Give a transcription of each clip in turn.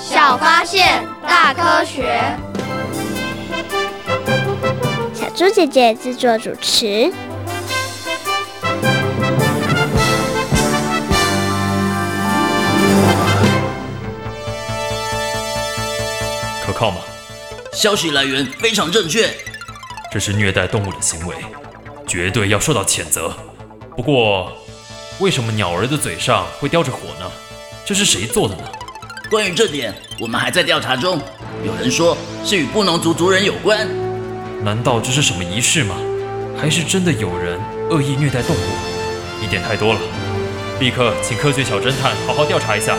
小發現，大科學。小豬姐姐制作主持可。可靠嗎？消息來源非常正確。這是虐待動物的行為，絕對要受到譴責。不過，為什麼鳥兒的嘴上會叼着火呢？這是誰做的呢？關於這點，我們還在調查中。有人說，是與布農族族人有關。難道這是什麼儀式嗎？還是真的有人惡意虐待動物？疑點太多了，立刻請科學小偵探好好調查一下。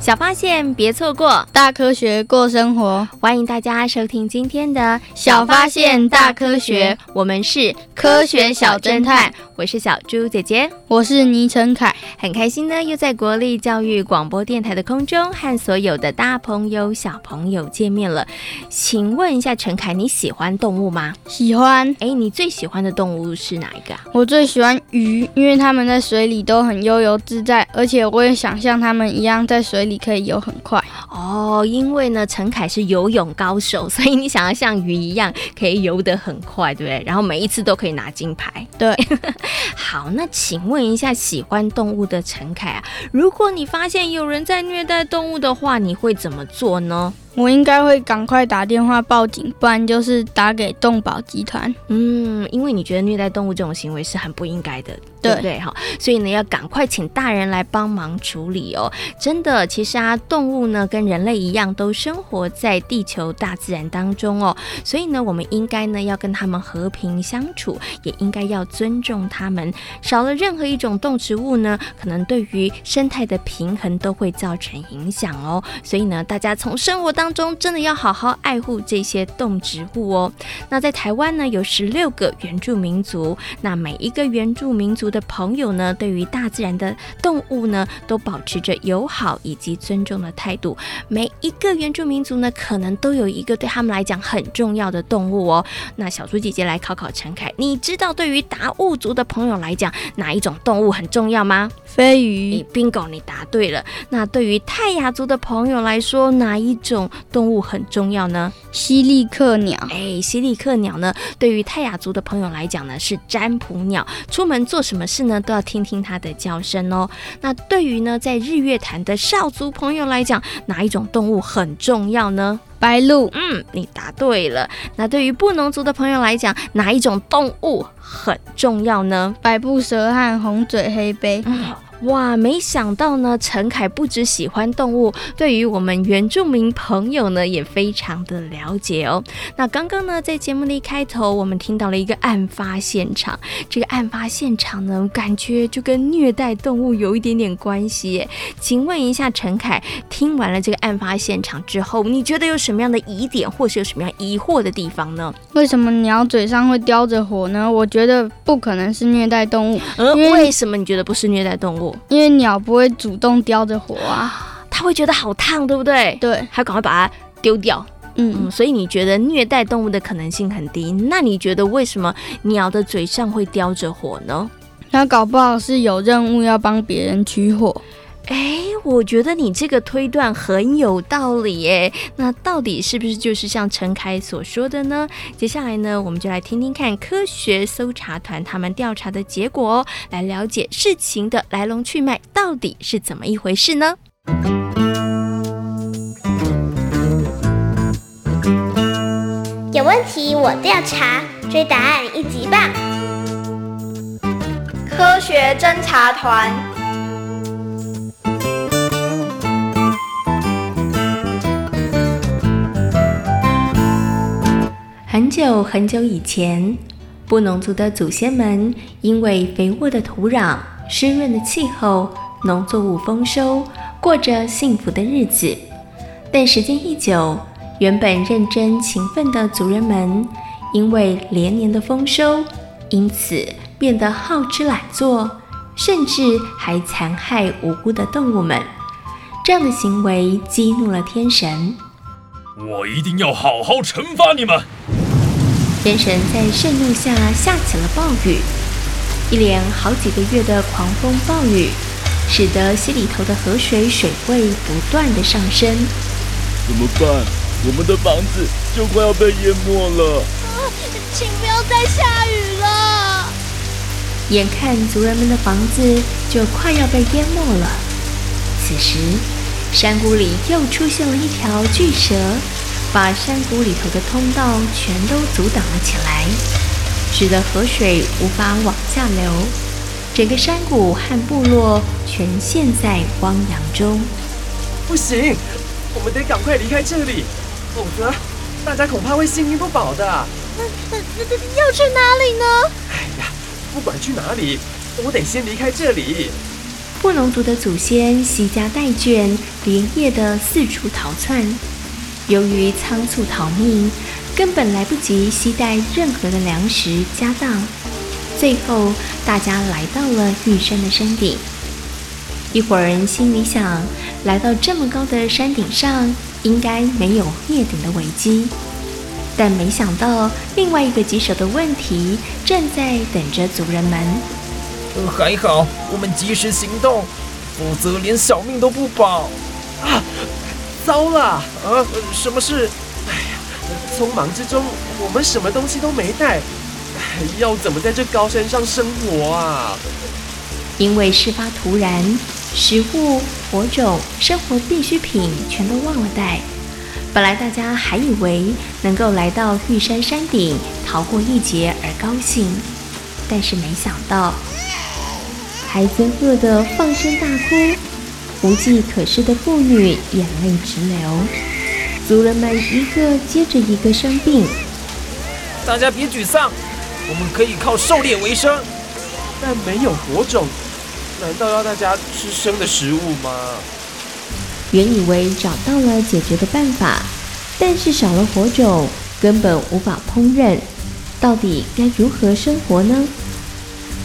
小發現別錯過，大科學過生活。歡迎大家收聽今天的《小發現大科學》，我們是。科學小偵，小偵探，我是小豬姐姐，我是倪陳凱，很開心呢，又在國立教育廣播電台的空中和所有的大朋友、小朋友見面了。請問一下，陳凱，你喜歡動物嗎？喜歡。哎，你最喜歡的動物是哪一個？我最喜歡魚，因為它們在水裡都很悠游自在，而且我也想像它們一樣在水裡可以游很快。哦，因為呢，陳凱是游泳高手，所以你想要像魚一樣可以游得很快，對不對？然後每一次都可以拿金牌。對， 好，那請問一下喜歡動物的陳凱啊，如果你發現有人在虐待動物的話，你會怎麼做呢？我應該會趕快打電話報警，不然就是打給動保集團。嗯，因為你覺得虐待動物這種行為是很不應該的，對不對？哈，所以呢要趕快請大人來幫忙處理哦。真的，其實啊，動物呢跟人類一樣，都生活在地球大自然當中哦，所以呢，我們應該呢要跟他們和平相處，也應該要尊重他們。少了任何一種動植物呢，可能對於生態的平衡都會造成影響哦。所以呢，大家從生活當中。中真的要好好愛護這些動植物哦。那在台灣呢，有十六個原住民族。那每一個原住民族的朋友呢，對於大自然的動物呢，都保持着友好以及尊重的態度。每一個原住民族呢，可能都有一個對他們來講很重要的動物哦。那小豬姐姐來考考陳凱，你知道對於達悟族的朋友來講，哪一種動物很重要嗎？飛魚。Bingo，Bingo，你答對了。那對於泰雅族的朋友來說，哪一種？動物很重要呢，西利克鳥。誒、欸，西利克鳥呢，對於泰雅族的朋友來講呢，是占卜鳥，出門做什麼事呢，都要聽聽它的叫聲哦。那對於呢，在日月潭的邵族朋友來講，哪一種動物很重要呢？白鹿。嗯，你答對了。那對於布農族的朋友來講，哪一種動物很重要呢？百步蛇和紅嘴黑鵯。嗯哇，沒想到呢，陳凱不只喜歡動物，對於我們原住民朋友呢，也非常的了解哦。那剛剛呢，在節目的一開頭，我們聽到了一個案發現場，這個案發現場呢，感覺就跟虐待動物有一點點關係耶。請問一下，陳凱，聽完了這個案發現場之後，你覺得有什麼樣的疑點，或是有什麼樣疑惑的地方呢？為什麼鳥嘴上會叼着火呢？我覺得不可能是虐待動物。呃，為什麼你覺得不是虐待動物？因為鳥不會主動叼着火啊，它會覺得好燙，對不對？對，還趕快把它丟掉。嗯，嗯，所以你覺得虐待動物的可能性很低。那你覺得為什麼鳥的嘴上會叼着火呢？它搞不好是有任務要幫別人取火。哎，我覺得你這個推斷很有道理耶。那到底是不是就是像陳凱所說的呢？接下來呢，我們就來聽聽看科學搜查團他們調查的結果哦，來了解事情的來龍去脈到底是怎麼一回事呢？有問題我調查，追答案一級棒！科學偵查團。很久很久以前，布農族的祖先們因為肥沃的土壤、濕潤的氣候、農作物豐收，過着幸福的日子。但時間一久，原本認真勤奮的族人們，因為連年的豐收，因此變得好吃懶做，甚至還殘害無辜的動物們。這樣的行為激怒了天神，我一定要好好懲罰你們。天神在盛怒下下起了暴雨，一連好幾個月的狂風暴雨，使得溪裡頭的河水水位不斷的上升。怎麼辦？我們的房子就快要被淹沒了。呃，請不要再下雨了！眼看族人們的房子就快要被淹沒了，此時，山谷裡又出現了一條巨蛇。把山谷裡頭的通道全都阻擋了起來，使得河水無法往下流，整個山谷和部落全陷在汪洋中。不行，我們得趕快離開這裡，否則大家恐怕會性命不保的。那那那要去哪裡呢？哎呀，不管去哪裡，我得先離開這裡。布農族的祖先攜家帶眷，連夜的四處逃竄。由於倉促逃命，根本來不及攜帶任何的糧食家當，最後大家來到了玉山的山頂。一夥人心裡想，來到這麼高的山頂上，應該沒有滅頂的危機。但沒想到，另外一個棘手的問題正在等着族人們。還好我們及時行動，否則連小命都不保啊！糟了啊！什麼事？哎呀，匆忙之中我們什麼東西都沒帶，要怎麼在這高山上生活啊？因為事發突然，食物、火種、生活必需品全都忘了帶。本來大家還以為能夠來到玉山山頂逃過一劫而高興，但是沒想到，孩子餓得放聲大哭。無計可施的婦女眼淚直流，族人們一個接着一個生病。大家別沮喪，我們可以靠狩獵為生，但沒有火種，難道要大家吃生的食物嗎？原以為找到了解決的辦法，但是少了火種，根本無法烹飪。到底該如何生活呢？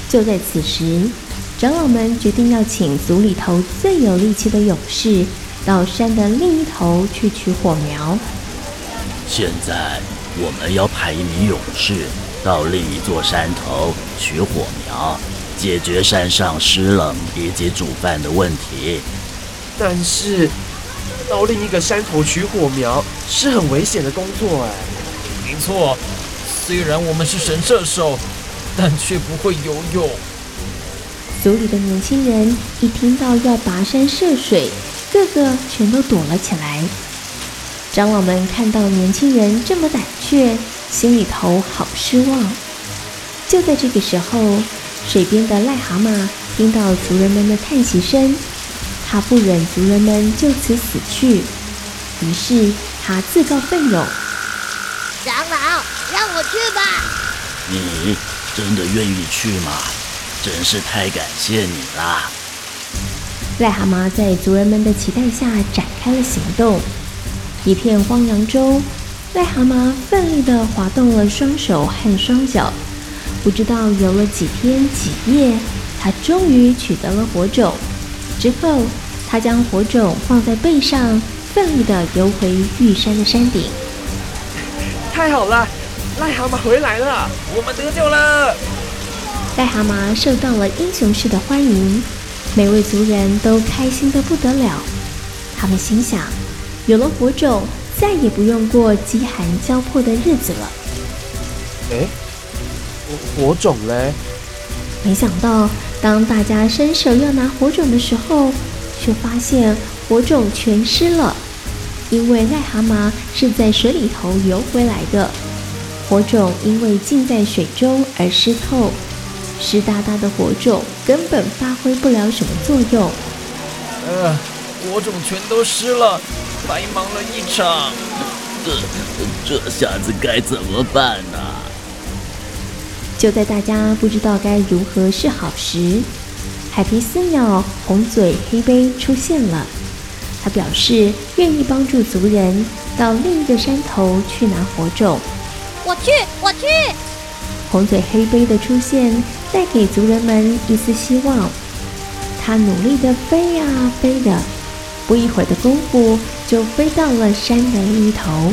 就在此時。長老們決定要請族裡頭最有力氣的勇士到山的另一頭去取火苗。現在我們要派一名勇士到另一座山頭取火苗，解決山上濕冷以及煮飯的問題。但是到另一個山頭取火苗是很危險的工作哎。沒錯，雖然我們是神射手，但卻不會游泳。族裡的年輕人一聽到要跋山涉水，個個全都躲了起來。長老們看到年輕人這麼膽怯，心裡頭好失望。就在這個時候，水邊的癩蛤蟆聽到族人們的嘆息聲，他不忍族人們就此死去，於是他自告奮勇：“長老，讓我去吧！”“你真的願意去嗎？”真是太感謝你了！癩蛤蟆在族人們的期待下展開了行動。一片汪洋中，癩蛤蟆奮力地滑動了雙手和雙腳。不知道游了幾天幾夜，它終於取得了火種。之後，它將火種放在背上，奮力地游回玉山的山頂。太好了，癩蛤蟆回來了，我們得救了！癩蛤蟆受到了英雄式的歡迎，每位族人都開心得不得了。他們心想，有了火種，再也不用過飢寒交迫的日子了。哎，欸，火火種嘞？沒想到，當大家伸手要拿火種的時候，却發現火種全濕了。因為癩蛤蟆是在水裡頭游回來的，火種因為浸在水中而濕透。濕噠噠的火種根本發揮不了什麼作用。呃，火種全都濕了，白忙了一場。這、呃、這下子該怎麼辦呢、啊？就在大家不知道該如何是好時，海皮斯鳥紅嘴黑鵯出現了。他表示願意幫助族人到另一個山頭去拿火種。我去，我去。紅嘴黑鵯的出現。帶給族人們一絲希望。他努力地飛呀、啊、飛的，不一會兒的功夫就飛到了山的另一頭，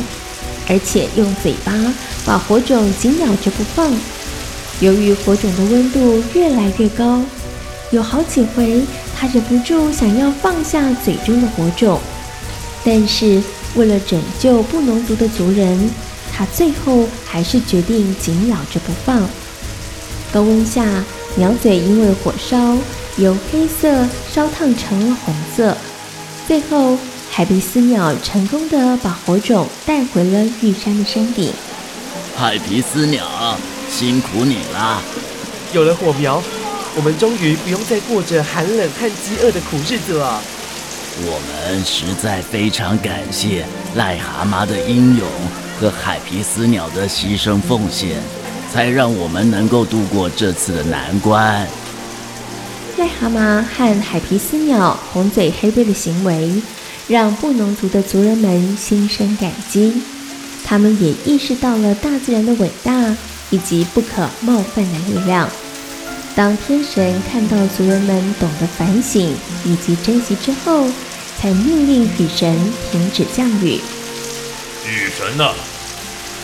而且用嘴巴把火種緊咬着不放。由於火種的溫度越來越高，有好幾回他忍不住想要放下嘴中的火種，但是為了拯救布農族的族人，他最後還是決定緊咬着不放。高溫下，鳥嘴因為火燒由黑色燒燙成了紅色，最後海皮斯鳥成功地把火種帶回了玉山的山頂。海皮斯鳥，辛苦你了！有了火苗，我們終於不用再過着寒冷和飢餓的苦日子了。我們實在非常感謝癩蛤蟆的英勇和海皮斯鳥的犧牲奉獻。才讓我們能夠度過這次的難關。癩蛤蟆和海皮斯鳥紅嘴黑鵯的行為，讓布農族的族人們心生感激。他們也意識到了大自然的偉大以及不可冒犯的力量。當天神看到族人們懂得反省以及珍惜之後，才命令雨神停止降雨。雨神呢、啊？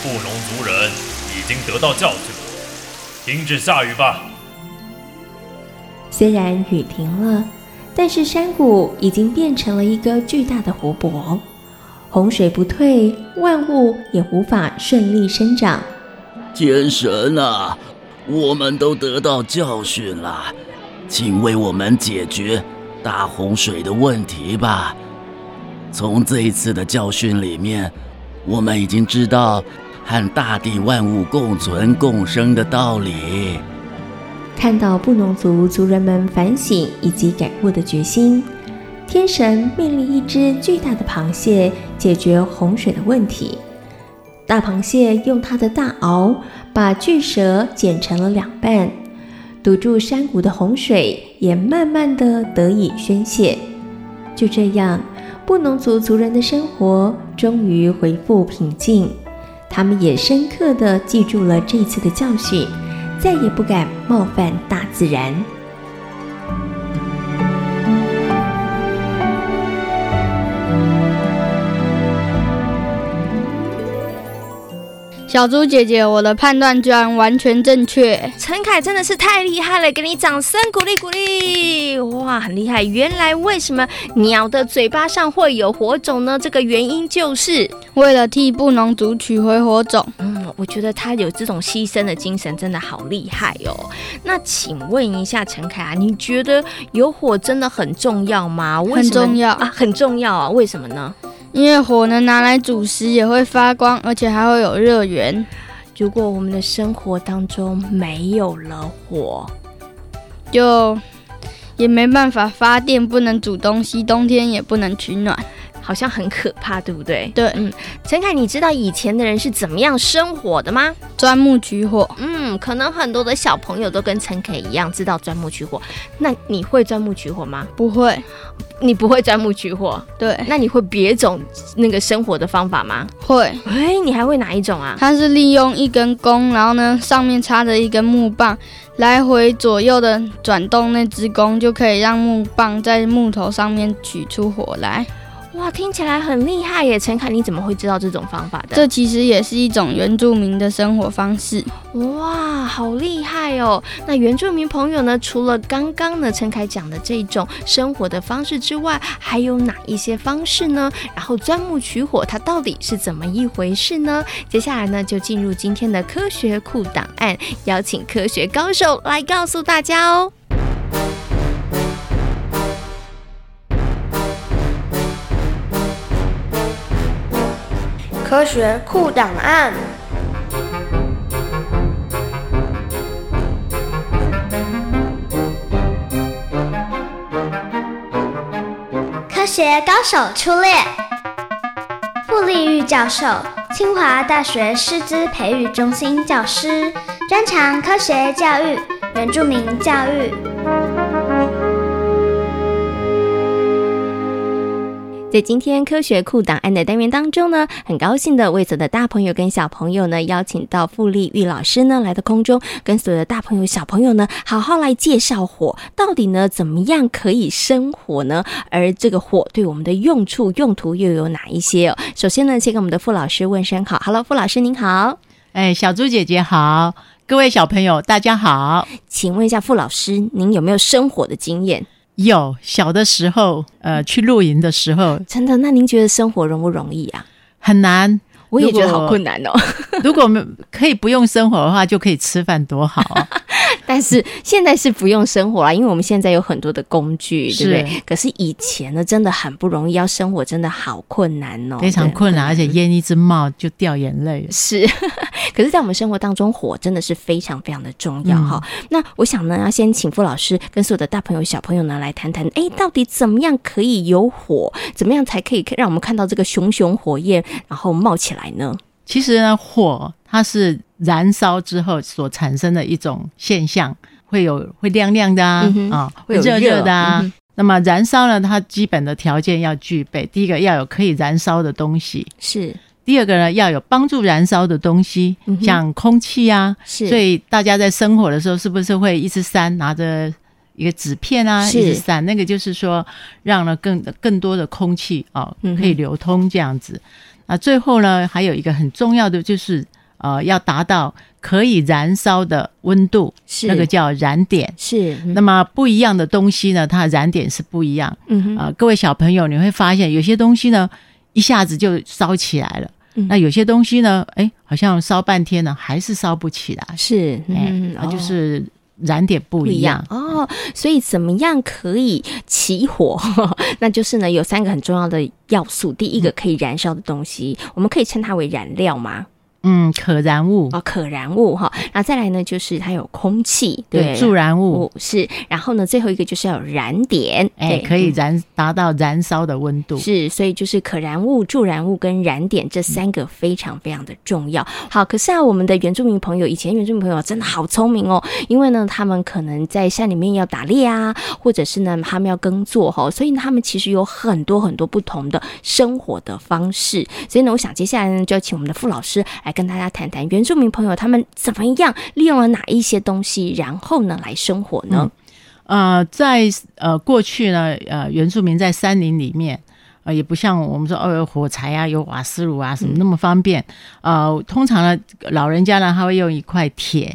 布農族人。已經得到教訓了，停止下雨吧。雖然雨停了，但是山谷已經變成了一個巨大的湖泊，洪水不退，萬物也無法順利生長。天神啊，我們都得到教訓了，請為我們解決大洪水的問題吧。從這一次的教訓裡面，我們已經知道，和大地萬物共存共生的道理。看到布農族族人們反省以及改過的決心，天神命令一隻巨大的螃蟹解決洪水的問題。大螃蟹用它的大螯把巨蛇剪成了兩半，堵住山谷的洪水也慢慢地得以宣洩。就這樣，布農族族人的生活終於恢復平靜。他們也深刻的記住了這次的教訓，再也不敢冒犯大自然。小豬姐姐，我的判斷居然完全正確！陳凱真的是太厲害了，給你掌聲鼓勵鼓勵！哇，很厲害！原來為什麼鳥的嘴巴上會有火種呢？這個原因就是為了替布農族取回火種。嗯，我覺得他有這種犧牲的精神，真的好厲害哦！那請問一下陳凱啊，你覺得有火真的很重要嗎？為什麼？很重要啊，很重要啊，為什麼呢？因為火能拿來煮食，也會發光，而且還會有熱源。如果我們的生活當中沒有了火，就也沒辦法發電，不能煮東西，冬天也不能取暖。好像很可怕，對不對？對，嗯，陳凱，你知道以前的人是怎麼樣生火的嗎？鑽木取火。嗯，可能很多的小朋友都跟陳凱一樣知道鑽木取火。那你會鑽木取火嗎？不會，你不會鑽木取火。對，那你會別種那個生火的方法嗎？會。哎，你還會哪一種啊？它是利用一根弓，然後呢，上面插着一根木棒，來回左右的轉動那只弓，就可以讓木棒在木頭上面取出火來。哇，聽起來很厲害耶！陳凱，你怎麼會知道這種方法的？這其實也是一種原住民的生活方式。哇，好厲害哦！那原住民朋友呢？除了剛剛呢陳凱講的這種生活的方式之外，還有哪一些方式呢？然後鑽木取火，它到底是怎麼一回事呢？接下來呢，就進入今天的科學酷檔案，邀請科學高手來告訴大家哦。科學酷檔案。科學高手出列。傅麗玉教授，清華大學師資培育中心教師，專長科學教育、原住民教育。在今天科學酷檔案的單元當中呢，很高興的為所有的大朋友跟小朋友呢，邀請到傅麗玉老師呢來到空中，跟所有的大朋友小朋友呢，好好來介紹火到底呢怎麼樣可以生火呢？而這個火對我們的用處用途又有哪一些哦？首先呢，先跟我們的傅老師問聲好，Hello，傅老師您好，哎，小豬姐姐好，各位小朋友大家好，請問一下傅老師，您有沒有生火的經驗？有，小的時候，呃，去露營的時候，嗯，真的。那您覺得生活生火容不容易啊？很難，我也覺得好困難哦。 如果我們可以不用生火的話，就可以吃飯，多 好但是現在是不用生活了，因為我們現在有很多的工具，對不對？可是以前呢，真的很不容易，要生火真的好困難哦、喔，非常困難，而且煙一直冒就掉眼淚了。是，呵呵可是，在我們生活當中，火真的是非常非常的重要哈、嗯。那我想呢，要先請傅老師跟所有的大朋友、小朋友呢來談談，誒、欸，到底怎麼樣可以有火？怎麼樣才可以讓我們看到這個熊熊火焰，然後冒起來呢？其實呢，火它是。燃燒之後所產生的一種現象，會有會亮亮的啊，嗯哦、會熱熱的啊、嗯。那麼燃燒呢，它基本的條件要具備，第一個要有可以燃燒的東西，是；第二個呢，要有幫助燃燒的東西，嗯、像空氣啊。是。所以大家在生火的時候，是不是會一直扇拿着一個紙片啊，一直扇？那個就是說，讓了更更多的空氣啊、哦，可以流通這樣子、嗯。那最後呢，還有一個很重要的就是。呃，要達到可以燃燒的溫度，是那個叫燃點，是。那麼不一樣的東西呢，它的燃點是不一樣。嗯哼。啊、呃，各位小朋友，你會發現有些東西呢，一下子就燒起來了、嗯。那有些東西呢，哎、欸，好像燒半天呢，還是燒不起來。是。欸、嗯。那就是燃點不一，不一樣。哦。所以怎麼樣可以起火？ 那就是呢，有三個很重要的要素。第一個，可以燃燒的東西、嗯，我們可以稱它為燃料嗎？嗯，可燃物啊、哦，可燃物哈、哦，那再來呢，就是它有空氣、嗯，對，助燃物、哦、是，然後呢，最後一個就是要有燃點，欸、對，可以燃達、嗯、到燃燒的溫度，是，所以就是可燃物、助燃物跟燃點這三個非常非常的重要。嗯、好，可是啊，我們的原住民朋友以前原住民朋友真的好聰明哦，因為呢，他們可能在山裡面要打獵啊，或者是呢他們要耕作哈，所以呢他們其實有很多很多不同的生活的方式。所以呢，我想接下來呢，就要請我們的傅老師。來跟大家談談原住民朋友他們怎麼樣利用了哪一些東西，然後呢，來生火呢？嗯、呃，在呃過去呢，呃原住民在山林裡面呃，也不像我們說哦有火柴啊、有瓦斯爐啊什麼那麼方便、嗯。呃，通常呢，老人家呢他會用一塊鐵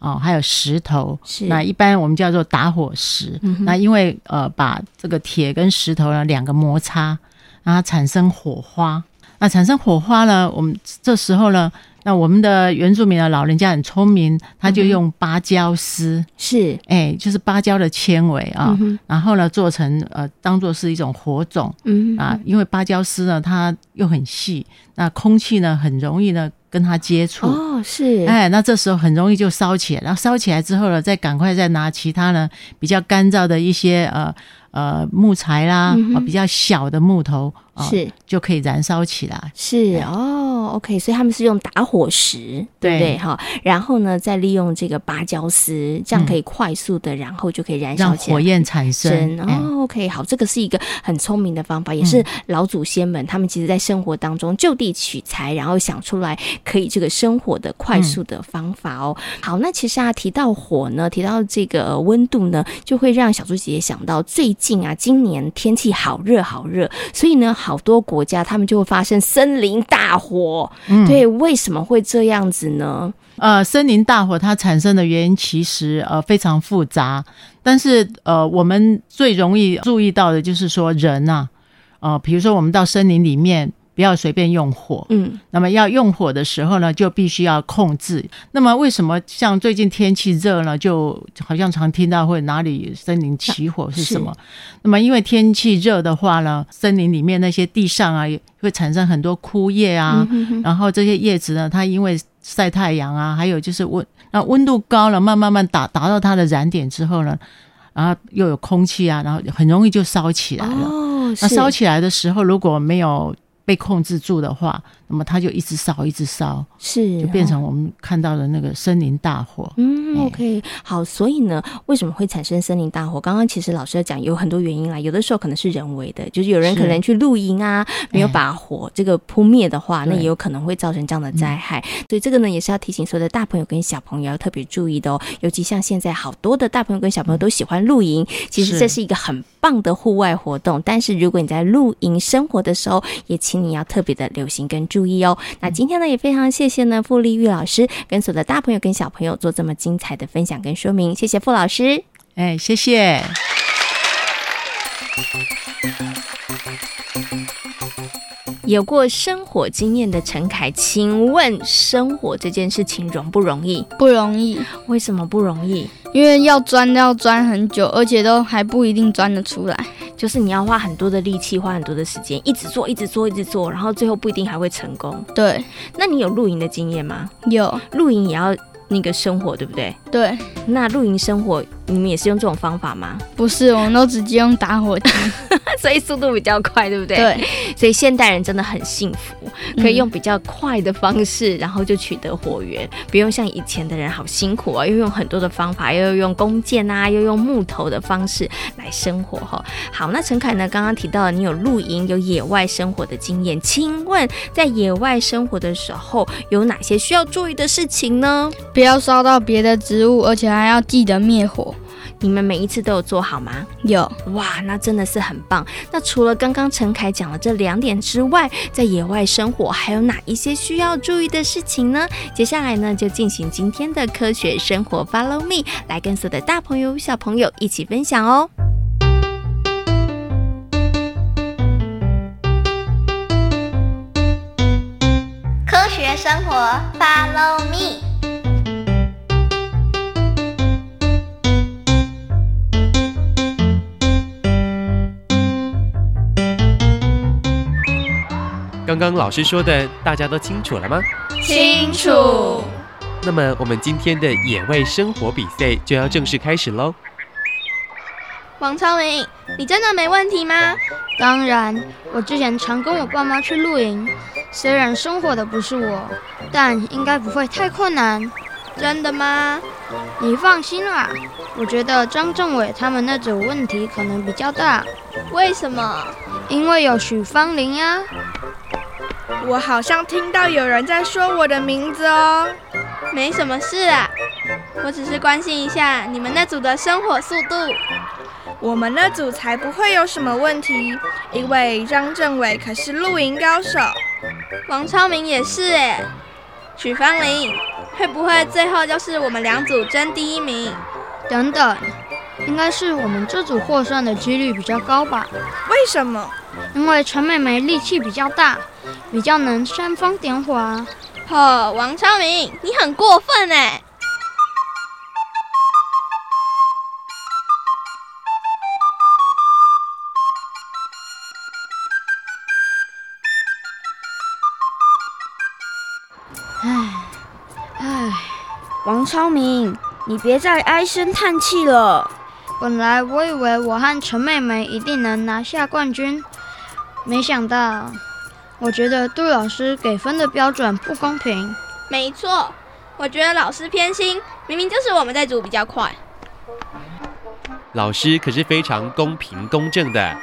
哦、呃，還有石頭是，那一般我們叫做打火石。嗯、哼那，因為呃把這個鐵跟石頭呢兩個摩擦，然後產生火花。那產生火花呢，我們這時候呢，那我們的原住民的老人家很聰明，嗯，他就用芭蕉絲，是，哎、欸，就是芭蕉的纖維啊，然後呢，做成呃，當做是一種火種，嗯，啊，因為芭蕉絲呢，它又很細，那空氣呢，很容易呢。跟他接觸哦，是哎，那這時候很容易就燒起來，然後燒起來之後呢，再趕快再拿其他呢比較乾燥的一些呃呃木材啦、嗯哦、比較小的木頭啊、哦，就可以燃燒起來，是、哎、哦。OK，所以他們是用打火石，對對、哦？哈，然後呢，再利用這個芭蕉絲，這樣可以快速的，嗯、然後就可以燃燒，火焰產生。哦，OK，好，這個是一個很聰明的方法，嗯、也是老祖先們他們其實在生活當中就地取材，然後想出來可以這個生火的快速的方法哦、嗯。好，那其實啊，提到火呢，提到這個溫度呢，就會讓小豬姐姐想到最近啊，今年天氣好熱好熱，所以呢，好多國家他們就會發生森林大火。嗯、對，為什麼會這樣子呢？呃，森林大火它產生的原因其實呃非常複雜，但是呃我們最容易注意到的就是說人吶，啊，呃、比如說我們到森林裡面。不要隨便用火。嗯，那麼要用火的時候呢，就必須要控制。那麼為什麼像最近天氣熱呢？就好像常聽到會哪裡森林起火是什麼？啊、那麼因為天氣熱的話呢，森林裡面那些地上啊會產生很多枯葉啊、嗯哼哼，然後這些葉子呢，它因為曬太陽啊，還有就是溫那溫度高了，慢慢慢達達到它的燃點之後呢，然後又有空氣啊，然後很容易就燒起來了。哦，那燒起來的時候如果沒有被控制住的話，那麼它就一直燒，一直燒，是、啊、就變成我們看到的那個森林大火。嗯、欸，OK，好，所以呢，為什麼會產生森林大火？剛剛其實老師要講有很多原因啦，有的時候可能是人為的，就是有人可能去露營啊，沒有把火這個撲滅的話、欸，那也有可能會造成這樣的災害。所以、嗯、這個呢，也是要提醒所有的大朋友跟小朋友要特別注意的哦。尤其像現在好多的大朋友跟小朋友都喜歡露營、嗯，其實這是一個很棒的戶外活動，但是如果你在露營生活的時候，也請你要特別的留心跟注意哦。那今天呢，也非常謝謝呢傅麗玉老師跟所有的大朋友跟小朋友做這麼精彩的分享跟說明，謝謝傅老師。哎、欸，謝謝。 有過生火經驗的陳凱，請問生火這件事情容不容易？不容易。為什麼不容易？因為要鑽，要鑽很久，而且都還不一定鑽得出來。就是你要花很多的力氣，花很多的時間，一直做，一直做，一直做，然後最後不一定還會成功。對。那你有露營的經驗嗎？有。露營也要那個生火，對不對？對。那露營生火。你們也是用這種方法嗎？不是，我們都直接用打火機， 所以速度比較快，對不對？對，所以現代人真的很幸福，可以用比較快的方式，嗯、然後就取得火源，不用像以前的人好辛苦啊、哦，又用很多的方法，又用弓箭啊，又用木頭的方式來生火、哦。哈。好，那陳凱呢？剛剛提到了你有露營、有野外生火的經驗，請問在野外生火的時候有哪些需要注意的事情呢？不要燒到別的植物，而且還要記得滅火。你們每一次都有做好嗎？有哇。那真的是很棒。那除了剛剛陳凱講了這兩點之外，在野外生火還有哪一些需要注意的事情呢？接下來呢，就進行今天的科學生活，Follow me，來跟所有的大朋友、小朋友一起分享哦。科學生活，Follow me。剛剛老師說的，大家都清楚了嗎？清楚。那麼我們今天的野外生火比賽就要正式開始嘍。王超明，你真的沒問題嗎？當然，我之前常跟我爸媽去露營，雖然生火的不是我，但應該不會太困難。真的嗎？你放心啦、啊，我覺得張政偉他們那種問題可能比較大。為什麼？因為有許芳林呀、啊。我好像聽到有人在說我的名字哦。沒什麼事啊，我只是關心一下你們那組的生活速度。我們那組才不會有什麼問題，因為張政委可是露營高手，王超明也是哎。曲芳林，會不會最後就是我們兩組爭第一名？等等，應該是我們這組獲勝的幾率比較高吧？為什麼？因為陳妹妹力氣比較大，比較能煽風點火啊。呵、哦，王超明，你很過分哎！唉唉，王超明，你別再唉聲嘆氣了。本來我以為我和陳妹妹一定能拿下冠軍。沒想到，我覺得杜老師給分的標準不公平。沒錯，我覺得老師偏心，明明就是我們在煮比較快。老師可是非常公平公正的。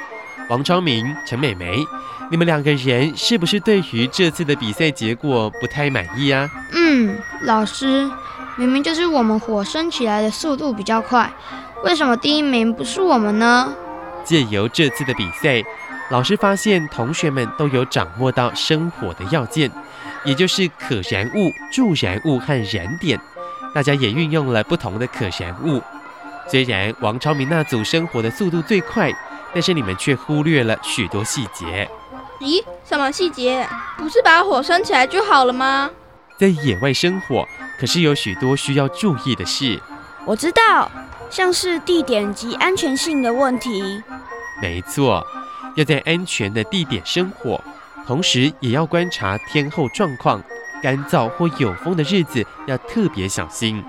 王昌明、陳美美，你們兩個人是不是對於這次的比賽結果不太滿意啊？嗯，老師，明明就是我們火升起來的速度比較快，為什麼第一名不是我們呢？借由這次的比賽，老師發現同學們都有掌握到生火的要件，也就是可燃物、助燃物和燃點。大家也運用了不同的可燃物。雖然王朝明那組生火的速度最快，但是你們卻忽略了許多細節。咦，什麼細節？不是把火生起來就好了嗎？在野外生火可是有許多需要注意的事。我知道，像是地點及安全性的問題。沒錯。要在安全的地點生火，同時也要觀察天候狀況，乾燥或有風的日子要特別小心。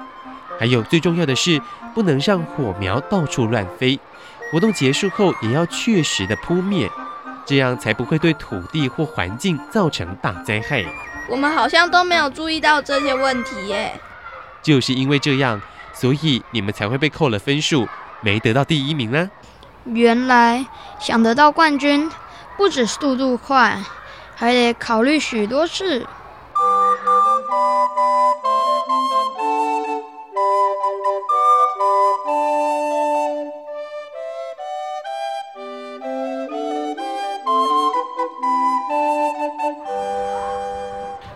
還有最重要的是，不能讓火苗到處亂飛。活動結束後也要確實的撲滅，這樣才不會對土地或環境造成大災害。我們好像都沒有注意到這些問題耶。就是因為這樣，所以你們才會被扣了分數，沒得到第一名呢。啊。原來想得到冠軍，不止速度快，還得考慮許多事。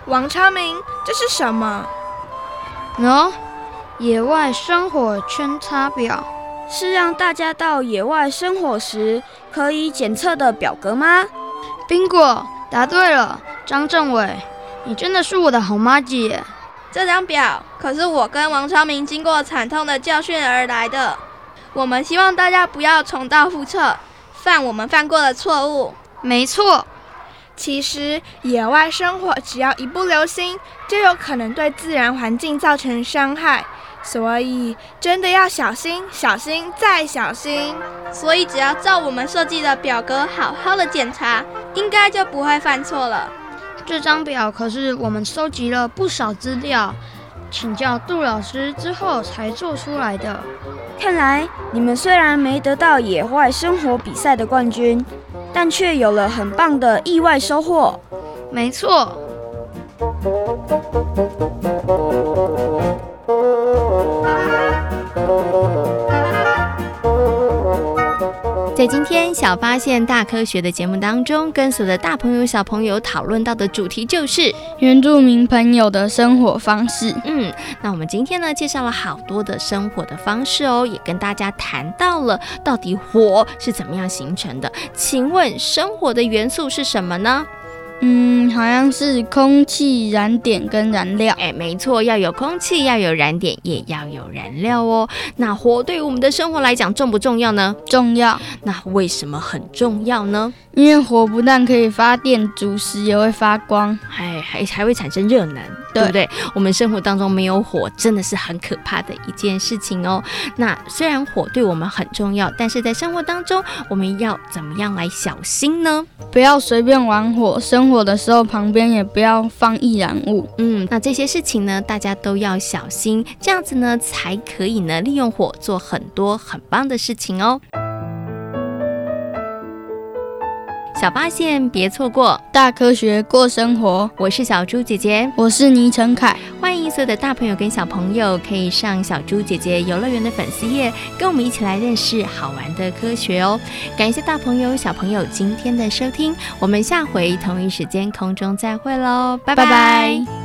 王昌明，這是什麼？喏、no？野外生火圈插表。是讓大家到野外生火時可以檢測的表格嗎？賓果答對了。張政委，你真的是我的好媽姐。這張表可是我跟王昌明經過慘痛的教訓而來的。我們希望大家不要重蹈覆轍，犯我們犯過的錯誤。沒錯。其實野外生火只要一不留心，就有可能對自然環境造成傷害。所以真的要小心，小心再小心。所以只要照我們設計的表格好好的檢查，應該就不會犯錯了。這張表可是我們收集了不少資料，請教杜老師之後才做出來的。看來你們雖然沒得到野外生活比賽的冠軍，但卻有了很棒的意外收穫。沒錯。在今天《小發現大科學》的節目當中，跟所有的大朋友、小朋友討論到的主題就是原住民朋友的生活方式。嗯，那我們今天呢，介紹了好多的生活的方式哦，也跟大家談到了到底火是怎麼樣形成的。請問，生活的元素是什麼呢？嗯，好像是空氣、燃點跟燃料。哎、欸，沒錯，要有空氣，要有燃點，也要有燃料哦。那火對於我們的生活來講重不重要呢？重要。那為什麼很重要呢？因為火不但可以發電、煮食，也會發光，還還還會產生熱能。對不對？對。我們生活當中沒有火，真的是很可怕的一件事情哦。那雖然火對我們很重要，但是在生活當中，我們要怎麼樣來小心呢？不要隨便玩火，生火的時候旁邊也不要放易燃物。嗯，那這些事情呢，大家都要小心，這樣子呢，才可以呢，利用火做很多很棒的事情哦。小發現，別錯過，大科學過生活，我是小豬姐姐，我是倪成凱，歡迎所有的大朋友跟小朋友可以上小豬姐姐遊樂園的粉絲頁，跟我們一起來認識好玩的科學哦。感謝大朋友小朋友今天的收聽，我們下回同一時間空中再會嘍，拜拜。Bye bye